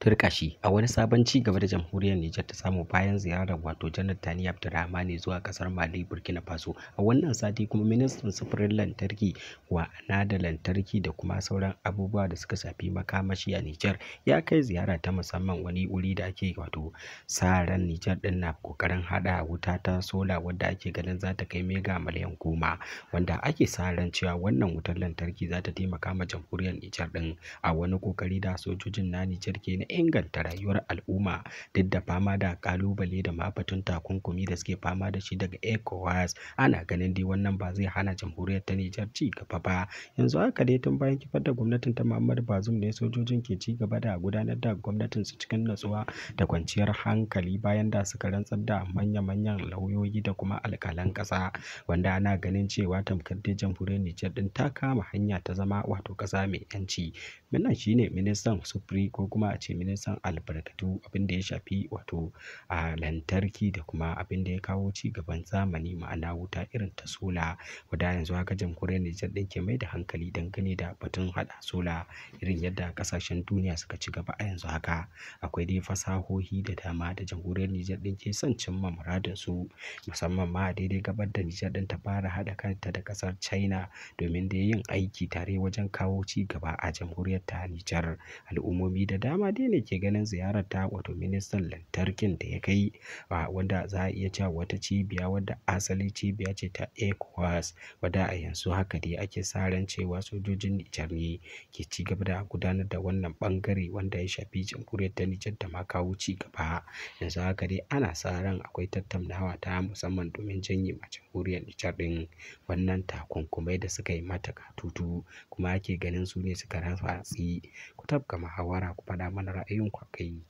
turkashi a wani sabon ci gaba da jamhuriyar Nijar ta samu bayan ziyarar wato janar Tani Abdurrahmani zuwa kasar Mali Burkina Faso a wannan sati kuma ministan sufurin lantarki wa da lantarki da kuma sauran abubuwa da suka shafi makamashi a Nijar ya kai ziyara ta musamman wani wuri da ake wato sa ran Nijar din na kokarin hada wuta ta sola wanda ake ganin za ta kai mega miliyan goma wanda ake sa ran cewa wannan wutar lantarki za ta taimaka ma jamhuriyar Nijar din a wani kokari da sojojin na Nijar ke inganta rayuwar al'umma duk da fama da kalubale da mafatun takunkumi da suke fama da shi daga ecowas ana ganin dai wannan ba zai hana jamhuriyar ta nijar ci gaba ba yanzu haka dai tun bayan kifar da gwamnatin ta muhammadu bazum ne sojojin ke ci gaba da gudanar da gwamnatin su cikin natsuwa da kwanciyar hankali bayan da suka rantsar da manya-manyan lauyoyi da kuma alkalan ƙasa wanda ana ganin cewa tamkar dai jamhuriyar nijar din ta kama hanya ta zama wato ƙasa mai yanci wannan shine ministan sufuri ko kuma a ce domin san albarkatu abin da ya shafi wato a lantarki da kuma abin da ya kawo ci gaban zamani ma'ana wuta irin ta sola wadda yanzu haka jamhuriyar Nijar ɗin ke mai da hankali dangane da batun haɗa sola irin yadda ƙasashen duniya suka ci gaba a yanzu haka akwai dai fasahohi da dama da jamhuriyar Nijar ɗin ke son cimma muradin su musamman ma daidai gabar da Nijar ɗin ta fara haɗa kanta da ƙasar China domin da yin aiki tare wajen kawo ci gaba a jamhuriyar ta Nijar al'ummomi da dama dai ne ke ganin ziyarar ta wato ministan lantarkin da ya kai wanda za a iya cewa wata cibiya wadda asali cibiya ce ta ECOWAS wadda a yanzu haka dai ake sa ran cewa sojojin Nijar ne ke ci gaba da gudanar da wannan bangare wanda ya shafi jamhuriyar ta Nijar da ma kawo ci gaba yanzu haka dai ana sa ran akwai tattaunawa ta musamman domin janye ma jamhuriyar Nijar din wannan takunkumai da suka yi mata katutu kuma ake ganin su ne suka rasa ku tafka muhawara ku faɗa mana A 用款可以。